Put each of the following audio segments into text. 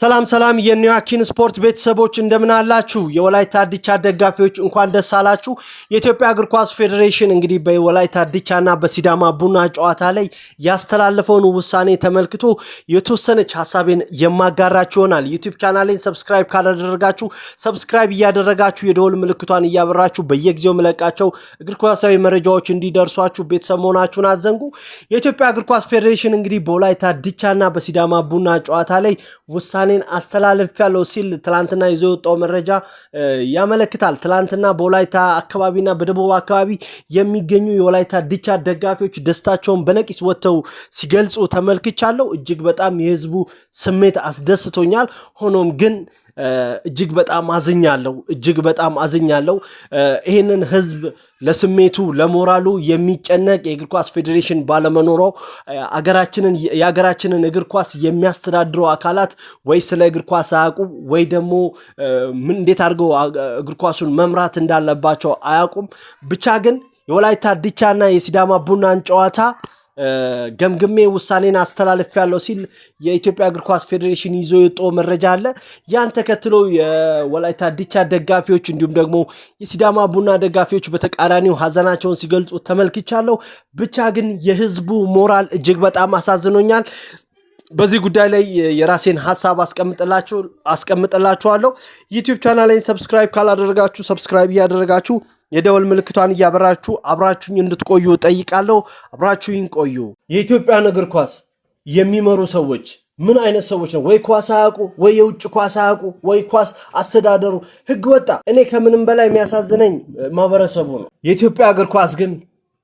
ሰላም ሰላም የኒዋኪን ስፖርት ቤተሰቦች እንደምን አላችሁ? የወላይታ ዲቻ ደጋፊዎች እንኳን ደስ አላችሁ። የኢትዮጵያ እግር ኳስ ፌዴሬሽን እንግዲህ በወላይታ ዲቻና በሲዳማ ቡና ጨዋታ ላይ ያስተላለፈውን ውሳኔ ተመልክቶ የተወሰነች ሀሳቤን የማጋራችሁ ይሆናል። ዩቲዩብ ቻናሌን ሰብስክራይብ ካላደረጋችሁ ሰብስክራይብ እያደረጋችሁ የደወል ምልክቷን እያበራችሁ በየጊዜው መለቃቸው እግር ኳሳዊ መረጃዎች እንዲደርሷችሁ ቤተሰብ መሆናችሁን አዘንጉ። የኢትዮጵያ እግር ኳስ ፌዴሬሽን እንግዲህ በወላይታ ዲቻና በሲዳማ ቡና ጨዋታ ላይ ውሳኔ ውሳኔን ያለው ሲል ትላንትና ይዞ የወጣው መረጃ ያመለክታል። ትላንትና በወላይታ አካባቢና በደቡብ አካባቢ የሚገኙ የወላይታ ድቻ ደጋፊዎች ደስታቸውን በነቂስ ወጥተው ሲገልጹ ተመልክቻለሁ። እጅግ በጣም የህዝቡ ስሜት አስደስቶኛል። ሆኖም ግን እጅግ በጣም አዝኛለሁ፣ እጅግ በጣም አዝኛለሁ። ይህንን ህዝብ ለስሜቱ ለሞራሉ የሚጨነቅ የእግር ኳስ ፌዴሬሽን ባለመኖሯ አገራችንን የአገራችንን እግር ኳስ የሚያስተዳድሩ አካላት ወይ ስለ እግር ኳስ አያውቁም ወይ ደግሞ ምን እንዴት አድርገው እግር ኳሱን መምራት እንዳለባቸው አያውቁም። ብቻ ግን የወላይታ ድቻና የሲዳማ ቡናን ጨዋታ ገምግሜ ውሳኔን አስተላልፍ ያለው ሲል የኢትዮጵያ እግር ኳስ ፌዴሬሽን ይዞ የወጣው መረጃ አለ። ያን ተከትሎ የወላይታ ዲቻ ደጋፊዎች እንዲሁም ደግሞ የሲዳማ ቡና ደጋፊዎች በተቃራኒው ሀዘናቸውን ሲገልጹ ተመልክቻለሁ። ብቻ ግን የህዝቡ ሞራል እጅግ በጣም አሳዝኖኛል። በዚህ ጉዳይ ላይ የራሴን ሀሳብ አስቀምጥላችኋለሁ። ዩቲዩብ ቻናሌን ሰብስክራይብ ካላደረጋችሁ ሰብስክራይብ እያደረጋችሁ የደወል ምልክቷን እያበራችሁ አብራችሁኝ እንድትቆዩ ጠይቃለሁ አብራችሁኝ ቆዩ። የኢትዮጵያን እግር ኳስ የሚመሩ ሰዎች ምን አይነት ሰዎች ነው? ወይ ኳስ አያውቁ፣ ወይ የውጭ ኳስ አያውቁ፣ ወይ ኳስ አስተዳደሩ ህግ ወጣ። እኔ ከምንም በላይ የሚያሳዝነኝ ማህበረሰቡ ነው። የኢትዮጵያ እግር ኳስ ግን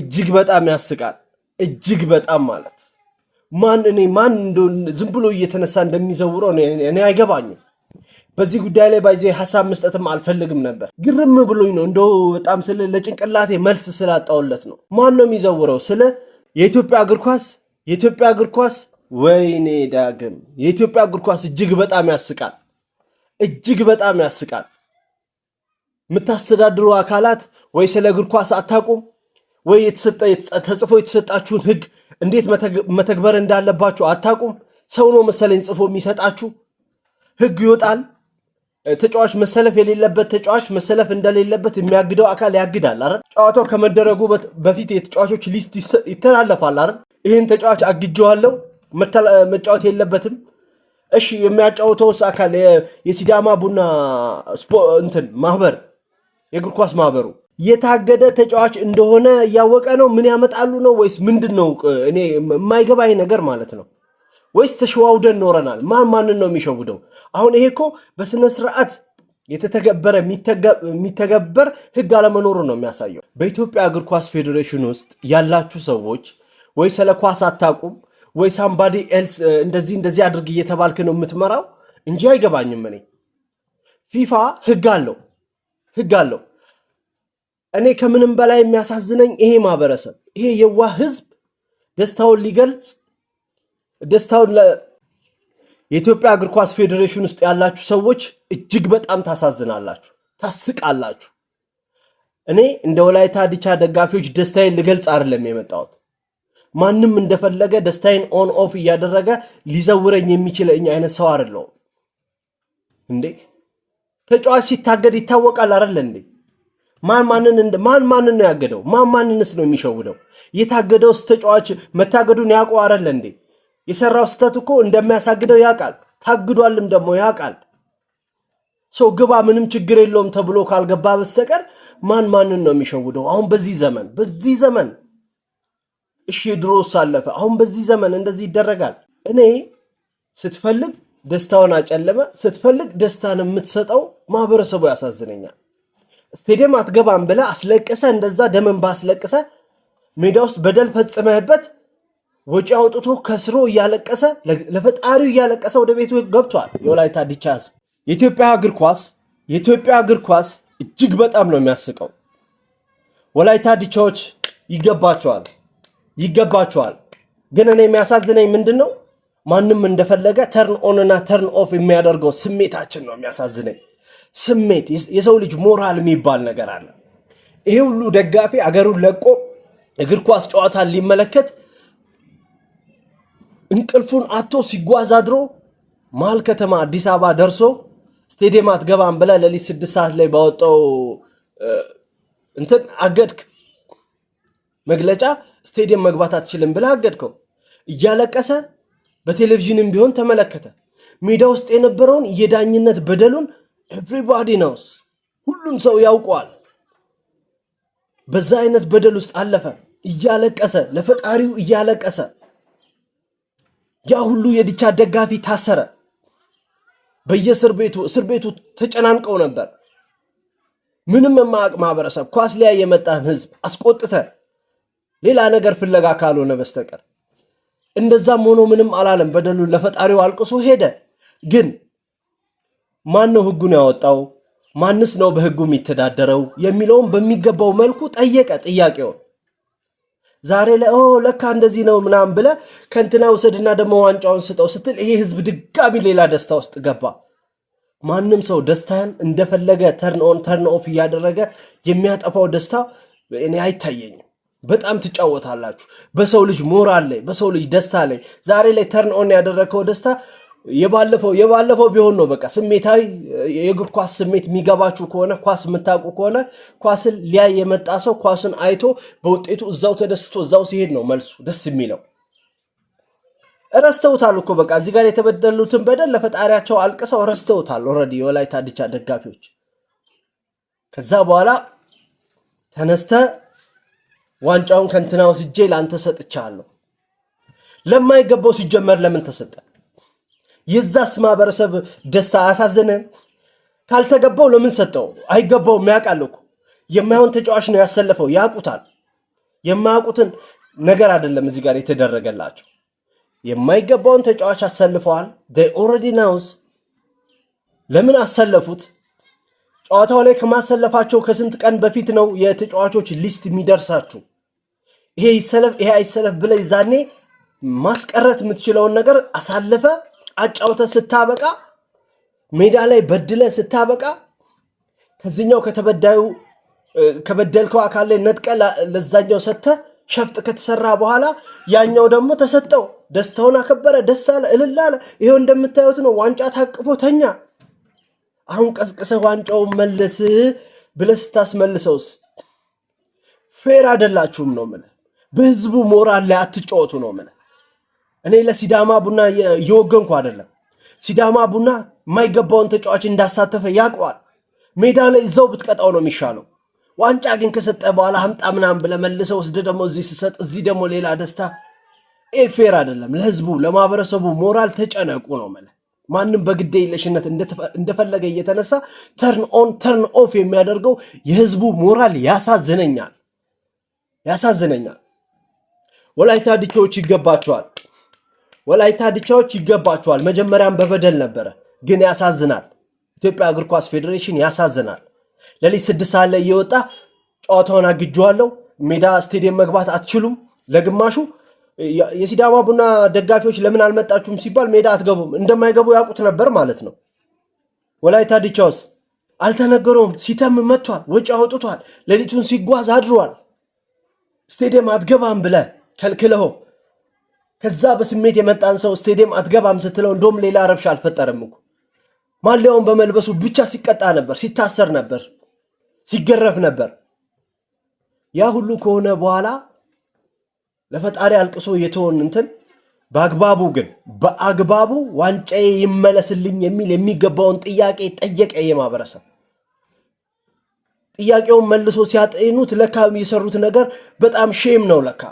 እጅግ በጣም ያስቃል። እጅግ በጣም ማለት ማን እኔ ማን ዝም ብሎ እየተነሳ እንደሚዘውረው እኔ አይገባኝም። በዚህ ጉዳይ ላይ ባይዞ ሀሳብ መስጠትም አልፈልግም ነበር። ግርም ብሎኝ ነው እንደ በጣም ስለ ለጭንቅላቴ መልስ ስላጣውለት ነው። ማን ነው የሚዘውረው? ስለ የኢትዮጵያ እግር ኳስ የኢትዮጵያ እግር ኳስ ወይኔ ዳግም የኢትዮጵያ እግር ኳስ እጅግ በጣም ያስቃል፣ እጅግ በጣም ያስቃል። የምታስተዳድሩ አካላት ወይ ስለ እግር ኳስ አታውቁም ወይ ተጽፎ የተሰጣችሁን ህግ እንዴት መተግበር እንዳለባችሁ አታውቁም። ሰው ነው መሰለኝ ጽፎ የሚሰጣችሁ ህግ ይወጣል ተጫዋች መሰለፍ የሌለበት ተጫዋች መሰለፍ እንደሌለበት የሚያግደው አካል ያግዳል አይደል? ጨዋታው ከመደረጉ በፊት የተጫዋቾች ሊስት ይተላለፋል አይደል? ይህን ተጫዋች አግጀዋለሁ፣ መጫወት የለበትም። እሺ የሚያጫውተውስ አካል የሲዳማ ቡና እንትን ማህበር የእግር ኳስ ማህበሩ የታገደ ተጫዋች እንደሆነ እያወቀ ነው ምን ያመጣሉ ነው ወይስ ምንድን ነው? እኔ የማይገባኝ ነገር ማለት ነው። ወይስ ተሸዋውደን ኖረናል? ማን ማንን ነው የሚሸውደው? አሁን ይሄ እኮ በስነ ስርዓት የተተገበረ የሚተገበር ህግ አለመኖሩ ነው የሚያሳየው። በኢትዮጵያ እግር ኳስ ፌዴሬሽን ውስጥ ያላችሁ ሰዎች ወይ ስለ ኳስ አታውቁም ወይ ሳምባዲ ኤልስ እንደዚህ እንደዚህ አድርግ እየተባልክ ነው የምትመራው እንጂ አይገባኝም። እኔ ፊፋ ህግ አለው ህግ አለው። እኔ ከምንም በላይ የሚያሳዝነኝ ይሄ ማህበረሰብ ይሄ የዋህ ህዝብ ደስታውን ሊገልጽ ደስታውን የኢትዮጵያ እግር ኳስ ፌዴሬሽን ውስጥ ያላችሁ ሰዎች እጅግ በጣም ታሳዝናላችሁ፣ ታስቃላችሁ። እኔ እንደ ወላይታ ዲቻ ደጋፊዎች ደስታዬን ልገልጽ አይደለም የመጣሁት። ማንም እንደፈለገ ደስታዬን ኦን ኦፍ እያደረገ ሊዘውረኝ የሚችለኝ አይነት ሰው አይደለሁም። እንዴ ተጫዋች ሲታገድ ይታወቃል አይደለ እንዴ? ማን ማንን ማን ማንን ነው ያገደው? ማን ማንንስ ነው የሚሸውደው? የታገደውስ ተጫዋች መታገዱን ያውቀው አይደለ እንዴ? የሰራው ስህተት እኮ እንደሚያሳግደው ያውቃል። ታግዷልም ደግሞ ያውቃል። ሰው ግባ ምንም ችግር የለውም ተብሎ ካልገባ በስተቀር ማን ማንን ነው የሚሸውደው? አሁን በዚህ ዘመን በዚህ ዘመን እሺ፣ ድሮ ሳለፈ አሁን በዚህ ዘመን እንደዚህ ይደረጋል። እኔ ስትፈልግ ደስታውን አጨለመ፣ ስትፈልግ ደስታን የምትሰጠው ማህበረሰቡ ያሳዝነኛል። ስቴዲየም አትገባም ብለ አስለቅሰ እንደዛ ደመንባ አስለቅሰ ሜዳ ውስጥ በደል ፈጽመህበት ወጪ አውጥቶ ከስሮ እያለቀሰ ለፈጣሪው እያለቀሰ ወደ ቤቱ ገብቷል። የወላይታ ዲቻ የኢትዮጵያ እግር ኳስ የኢትዮጵያ እግር ኳስ እጅግ በጣም ነው የሚያስቀው። ወላይታ ዲቻዎች ይገባቸዋል ይገባቸዋል። ግን እኔ የሚያሳዝነኝ ምንድን ነው ማንም እንደፈለገ ተርን ኦን እና ተርን ኦፍ የሚያደርገው ስሜታችን ነው የሚያሳዝነኝ። ስሜት የሰው ልጅ ሞራል የሚባል ነገር አለ። ይሄ ሁሉ ደጋፊ አገሩን ለቆ እግር ኳስ ጨዋታን ሊመለከት እንቅልፉን አቶ ሲጓዝ አድሮ መሀል ከተማ አዲስ አበባ ደርሶ ስቴዲየም አትገባም ብለህ ሌሊት ስድስት ሰዓት ላይ ባወጣው እንትን አገድክ መግለጫ ስቴዲየም መግባት አትችልም ብለህ አገድከው። እያለቀሰ በቴሌቪዥንም ቢሆን ተመለከተ። ሜዳ ውስጥ የነበረውን የዳኝነት በደሉን ኤቭሪባዲ ነውስ፣ ሁሉም ሰው ያውቀዋል። በዛ አይነት በደል ውስጥ አለፈ። እያለቀሰ ለፈጣሪው እያለቀሰ ያ ሁሉ የዲቻ ደጋፊ ታሰረ። በየእስር ቤቱ እስር ቤቱ ተጨናንቀው ነበር። ምንም የማያውቅ ማህበረሰብ ኳስ ላይ የመጣን ህዝብ አስቆጥተ ሌላ ነገር ፍለጋ ካልሆነ በስተቀር እንደዛም ሆኖ ምንም አላለም። በደሉ ለፈጣሪው አልቅሶ ሄደ። ግን ማን ነው ህጉን ያወጣው? ማንስ ነው በህጉ የሚተዳደረው የሚለውን በሚገባው መልኩ ጠየቀ ጥያቄውን ዛሬ ላይ ለካ እንደዚህ ነው ምናምን ብለ ከንትና ውሰድና ደግሞ ዋንጫውን ስጠው ስትል ይሄ ህዝብ ድጋሚ ሌላ ደስታ ውስጥ ገባ። ማንም ሰው ደስታን እንደፈለገ ተርንኦን ኦን ተርን ኦፍ እያደረገ የሚያጠፋው ደስታ እኔ አይታየኝም። በጣም ትጫወታላችሁ በሰው ልጅ ሞራል ላይ፣ በሰው ልጅ ደስታ ላይ። ዛሬ ላይ ተርን ያደረግከው ደስታ የባለፈው የባለፈው ቢሆን ነው በቃ ስሜታዊ የእግር ኳስ ስሜት የሚገባችሁ ከሆነ ኳስ የምታውቁ ከሆነ ኳስን ሊያይ የመጣ ሰው ኳስን አይቶ በውጤቱ እዛው ተደስቶ እዛው ሲሄድ ነው መልሱ ደስ የሚለው። ረስተውታል እኮ በቃ እዚህ ጋር የተበደሉትን በደል ለፈጣሪያቸው አልቅሰው ረስተውታል። ኦልሬዲ የወላይታ ድቻ ደጋፊዎች ከዛ በኋላ ተነስተ ዋንጫውን ከንትና ወስጄ ለአንተ ሰጥቻለሁ። ለማይገባው ሲጀመር ለምን ተሰጠ? የዛስ ማህበረሰብ ደስታ አሳዘነ? ካልተገባው ለምን ሰጠው? አይገባውም። ያውቃል እኮ የማይሆን ተጫዋች ነው ያሰለፈው። ያውቁታል። የማያውቁትን ነገር አይደለም እዚህ ጋር የተደረገላቸው። የማይገባውን ተጫዋች አሰልፈዋል። ኦልሬዲ ናውስ ለምን አሰለፉት? ጨዋታው ላይ ከማሰለፋቸው ከስንት ቀን በፊት ነው የተጫዋቾች ሊስት የሚደርሳችሁ። ይሄ ይሰለፍ ይሄ አይሰለፍ ብለህ ዛኔ ማስቀረት የምትችለውን ነገር አሳልፈ አጫውተ ስታበቃ፣ ሜዳ ላይ በድለ ስታበቃ፣ ከዚኛው ከተበዳዩ ከበደልከው አካል ላይ ነጥቀ ለዛኛው ሰተ ሸፍጥ ከተሰራ በኋላ ያኛው ደግሞ ተሰጠው። ደስታውን አከበረ፣ ደስ አለ፣ እልል አለ። ይሄው እንደምታዩት ነው። ዋንጫ ታቅፎ ተኛ። አሁን ቀስቅሰህ ዋንጫውን መልስ ብለህ ስታስመልሰውስ ፌር አይደላችሁም ነው ምን በህዝቡ ሞራል ላይ አትጫወቱ ነው ምን እኔ ለሲዳማ ቡና እየወገንኩ አይደለም። ሲዳማ ቡና የማይገባውን ተጫዋች እንዳሳተፈ ያውቀዋል። ሜዳ ላይ እዛው ብትቀጣው ነው የሚሻለው። ዋንጫ ግን ከሰጠ በኋላ ሀምጣ ምናምን ብለህ መልሰህ ወስደህ ደግሞ እዚህ ስሰጥ እዚህ ደግሞ ሌላ ደስታ ፌር አይደለም። ለህዝቡ ለማህበረሰቡ ሞራል ተጨነቁ ነው መለ ማንም በግዴ የለሽነት እንደፈለገ እየተነሳ ተርን ኦን ተርን ኦፍ የሚያደርገው የህዝቡ ሞራል ያሳዝነኛል፣ ያሳዝነኛል። ወላይታ ዲቻዎች ይገባቸዋል። ወላይታ ድቻዎች ይገባቸዋል። መጀመሪያም በበደል ነበረ፣ ግን ያሳዝናል። ኢትዮጵያ እግር ኳስ ፌዴሬሽን ያሳዝናል። ለሊት ስድስት ሰዓት ላይ እየወጣ ጨዋታውን አግጄዋለሁ፣ ሜዳ ስቴዲየም መግባት አትችሉም። ለግማሹ የሲዳማ ቡና ደጋፊዎች ለምን አልመጣችሁም ሲባል ሜዳ አትገቡም፣ እንደማይገቡ ያውቁት ነበር ማለት ነው። ወላይታ ድቻውስ አልተነገረውም። ሲተም መጥቷል፣ ወጪ አውጥቷል፣ ሌሊቱን ሲጓዝ አድሯል። ስቴዲየም አትገባም ብለ ከልክለሆ ከዛ በስሜት የመጣን ሰው ስቴዲየም አትገባም ስትለው እንደውም ሌላ ረብሻ አልፈጠረም እኮ ማሊያውን በመልበሱ ብቻ ሲቀጣ ነበር፣ ሲታሰር ነበር፣ ሲገረፍ ነበር። ያ ሁሉ ከሆነ በኋላ ለፈጣሪ አልቅሶ የተወን እንትን በአግባቡ ግን በአግባቡ ዋንጫዬ ይመለስልኝ የሚል የሚገባውን ጥያቄ ጠየቀ። የማህበረሰብ ጥያቄውን መልሶ ሲያጤኑት ለካ የሰሩት ነገር በጣም ሼም ነው ለካ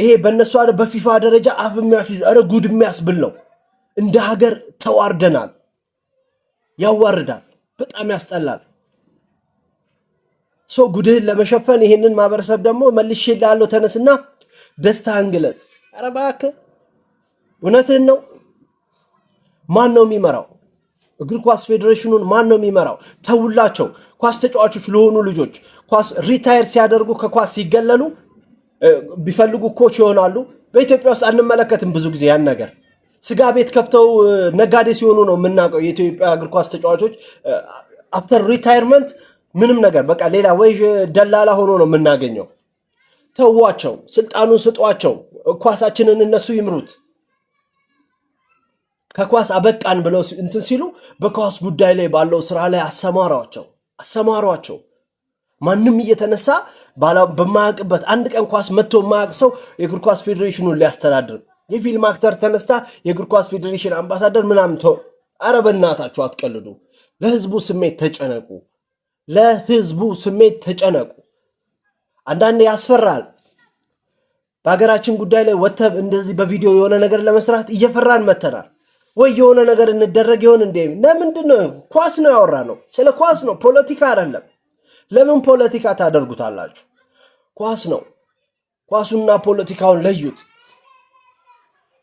ይሄ በእነሱ በፊፋ ደረጃ አፍ የሚያስይዝ ኧረ ጉድ የሚያስብል ነው። እንደ ሀገር ተዋርደናል። ያዋርዳል። በጣም ያስጠላል። ሰው ጉድህን ለመሸፈን ይሄንን ማህበረሰብ ደግሞ መልሼ ላለው ተነስና ደስታህን ግለጽ። ኧረ እባክህ እውነትህን ነው። ማን ነው የሚመራው? እግር ኳስ ፌዴሬሽኑን ማን ነው የሚመራው? ተውላቸው ኳስ ተጫዋቾች ለሆኑ ልጆች ኳስ ሪታየር ሲያደርጉ ከኳስ ሲገለሉ ቢፈልጉ ኮች ይሆናሉ። በኢትዮጵያ ውስጥ አንመለከትም ብዙ ጊዜ ያን ነገር። ስጋ ቤት ከፍተው ነጋዴ ሲሆኑ ነው የምናውቀው። የኢትዮጵያ እግር ኳስ ተጫዋቾች አፍተር ሪታይርመንት ምንም ነገር በቃ ሌላ ወይ ደላላ ሆኖ ነው የምናገኘው። ተዋቸው፣ ስልጣኑን ስጧቸው፣ ኳሳችንን እነሱ ይምሩት። ከኳስ አበቃን ብለው እንትን ሲሉ በኳስ ጉዳይ ላይ ባለው ስራ ላይ አሰማሯቸው አሰማሯቸው። ማንም እየተነሳ በማያውቅበት አንድ ቀን ኳስ መጥቶ የማያውቅ ሰው የእግር ኳስ ፌዴሬሽኑን ሊያስተዳድር የፊልም አክተር ተነስታ የእግር ኳስ ፌዴሬሽን አምባሳደር ምናምን ተው። ኧረ በእናታችሁ አትቀልዱ። ለህዝቡ ስሜት ተጨነቁ። ለህዝቡ ስሜት ተጨነቁ። አንዳንዴ ያስፈራል። በሀገራችን ጉዳይ ላይ ወተብ እንደዚህ በቪዲዮ የሆነ ነገር ለመስራት እየፈራን መተናል። ወይ የሆነ ነገር እንደረግ ይሆን እንደ ለምንድን ነው ኳስ ነው ያወራ ነው ስለ ኳስ ነው ፖለቲካ አይደለም። ለምን ፖለቲካ ታደርጉታላችሁ? ኳስ ነው። ኳሱና ፖለቲካውን ለዩት።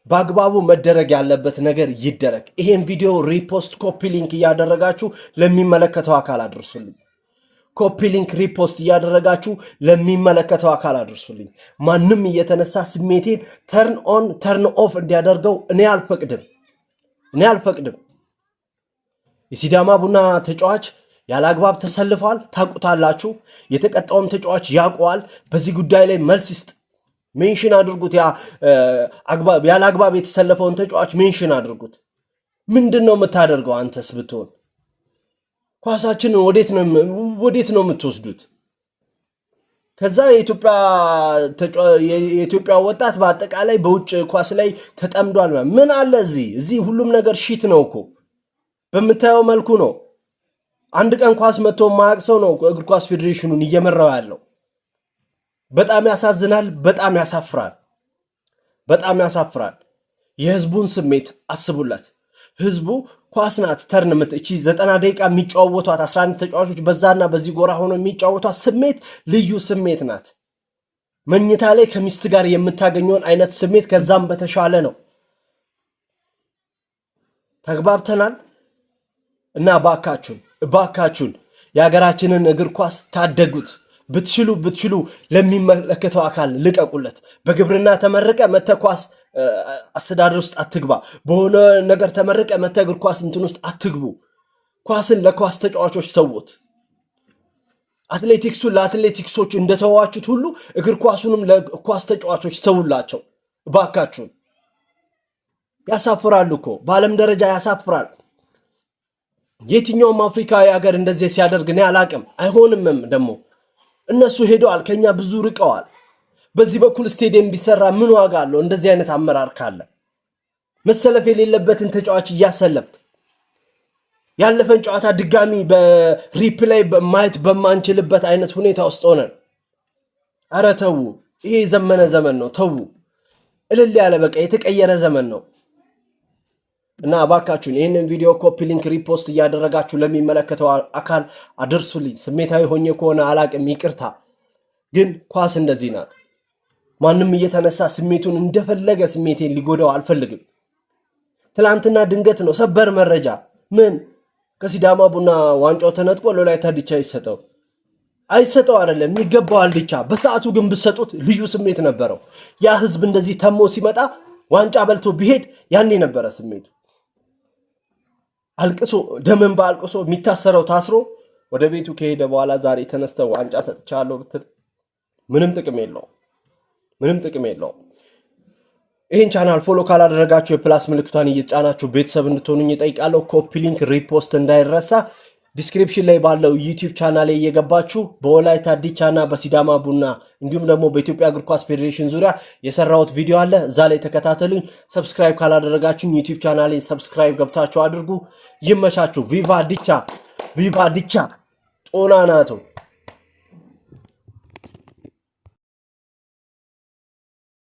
በአግባቡ መደረግ ያለበት ነገር ይደረግ። ይሄን ቪዲዮ ሪፖስት፣ ኮፒ ሊንክ እያደረጋችሁ ለሚመለከተው አካል አድርሱልኝ። ኮፒ ሊንክ፣ ሪፖስት እያደረጋችሁ ለሚመለከተው አካል አድርሱልኝ። ማንም እየተነሳ ስሜቴን ተርን ኦን ተርን ኦፍ እንዲያደርገው እኔ አልፈቅድም፣ እኔ አልፈቅድም። የሲዳማ ቡና ተጫዋች ያለ አግባብ ተሰልፏል፣ ታውቁታላችሁ። የተቀጣውም ተጫዋች ያውቀዋል። በዚህ ጉዳይ ላይ መልስ ይስጥ። ሜንሽን አድርጉት። ያለ አግባብ የተሰለፈውን ተጫዋች ሜንሽን አድርጉት። ምንድን ነው የምታደርገው? አንተስ ብትሆን ኳሳችንን ወዴት ነው የምትወስዱት? ከዛ የኢትዮጵያ ወጣት በአጠቃላይ በውጭ ኳስ ላይ ተጠምዷል። ምን አለ እዚህ እዚህ ሁሉም ነገር ሺት ነው እኮ በምታየው መልኩ ነው። አንድ ቀን ኳስ መጥቶ የማያውቅ ሰው ነው እግር ኳስ ፌዴሬሽኑን እየመራው ያለው። በጣም ያሳዝናል። በጣም ያሳፍራል። በጣም ያሳፍራል። የህዝቡን ስሜት አስቡላት። ህዝቡ ኳስ ናት ተርን ምት እቺ ዘጠና ደቂቃ የሚጫወቷት 11 ተጫዋቾች በዛና በዚህ ጎራ ሆኖ የሚጫወቷት ስሜት ልዩ ስሜት ናት። መኝታ ላይ ከሚስት ጋር የምታገኘውን አይነት ስሜት ከዛም በተሻለ ነው። ተግባብተናል እና ባካችሁን እባካችሁን የሀገራችንን እግር ኳስ ታደጉት። ብትችሉ ብትችሉ ለሚመለከተው አካል ልቀቁለት። በግብርና ተመረቀ መተ ኳስ አስተዳደር ውስጥ አትግባ። በሆነ ነገር ተመረቀ መተ እግር ኳስ እንትን ውስጥ አትግቡ። ኳስን ለኳስ ተጫዋቾች ሰውት። አትሌቲክሱን ለአትሌቲክሶች እንደተዋችሁት ሁሉ እግር ኳሱንም ለኳስ ተጫዋቾች ሰውላቸው እባካችሁን። ያሳፍራሉ እኮ በዓለም ደረጃ ያሳፍራል። የትኛውም አፍሪካዊ ሀገር እንደዚህ ሲያደርግ እኔ አላቅም። አይሆንምም ደግሞ እነሱ ሄደዋል፣ ከኛ ብዙ ርቀዋል። በዚህ በኩል ስቴዲየም ቢሰራ ምን ዋጋ አለው? እንደዚህ አይነት አመራር ካለ መሰለፍ የሌለበትን ተጫዋች እያሰለፍክ ያለፈን ጨዋታ ድጋሚ በሪፕላይ ማየት በማንችልበት አይነት ሁኔታ ውስጥ ሆነን፣ አረ ተዉ። ይሄ ዘመነ ዘመን ነው። ተዉ፣ እልል ያለ በቃ የተቀየረ ዘመን ነው። እና እባካችሁን ይህንን ቪዲዮ ኮፒ ሊንክ ሪፖስት እያደረጋችሁ ለሚመለከተው አካል አድርሱልኝ። ስሜታዊ ሆኜ ከሆነ አላቅም፣ ይቅርታ። ግን ኳስ እንደዚህ ናት። ማንም እየተነሳ ስሜቱን እንደፈለገ ስሜቴን ሊጎዳው አልፈልግም። ትላንትና ድንገት ነው ሰበር መረጃ። ምን ከሲዳማ ቡና ዋንጫው ተነጥቆ ለወላይታ ዲቻ ይሰጠው አይሰጠው አይደለም ይገባዋል። ዲቻ በሰዓቱ ግን ብሰጡት ልዩ ስሜት ነበረው። ያ ህዝብ እንደዚህ ተሞ ሲመጣ ዋንጫ በልቶ ቢሄድ ያኔ ነበረ ስሜቱ። አልቅሶ ደምን በአልቅሶ የሚታሰረው ታስሮ ወደ ቤቱ ከሄደ በኋላ ዛሬ ተነስተ ዋንጫ ሰጥቻለሁ ብትል ምንም ጥቅም የለውም። ምንም ጥቅም የለውም። ይህን ቻናል ፎሎ ካላደረጋችሁ የፕላስ ምልክቷን እየጫናችሁ ቤተሰብ እንድትሆኑኝ እጠይቃለሁ። ኮፒ ሊንክ፣ ሪፖስት እንዳይረሳ። ዲስክሪፕሽን ላይ ባለው ዩቲዩብ ቻናል እየገባችሁ በወላይታ ዲቻና በሲዳማ ቡና እንዲሁም ደግሞ በኢትዮጵያ እግር ኳስ ፌዴሬሽን ዙሪያ የሰራሁት ቪዲዮ አለ። እዛ ላይ ተከታተሉኝ። ሰብስክራይብ ካላደረጋችሁኝ ዩቲዩብ ቻናል ሰብስክራይብ ገብታችሁ አድርጉ። ይመቻችሁ። ቪቫ ዲቻ፣ ቪቫ ዲቻ። ጦና ናቶ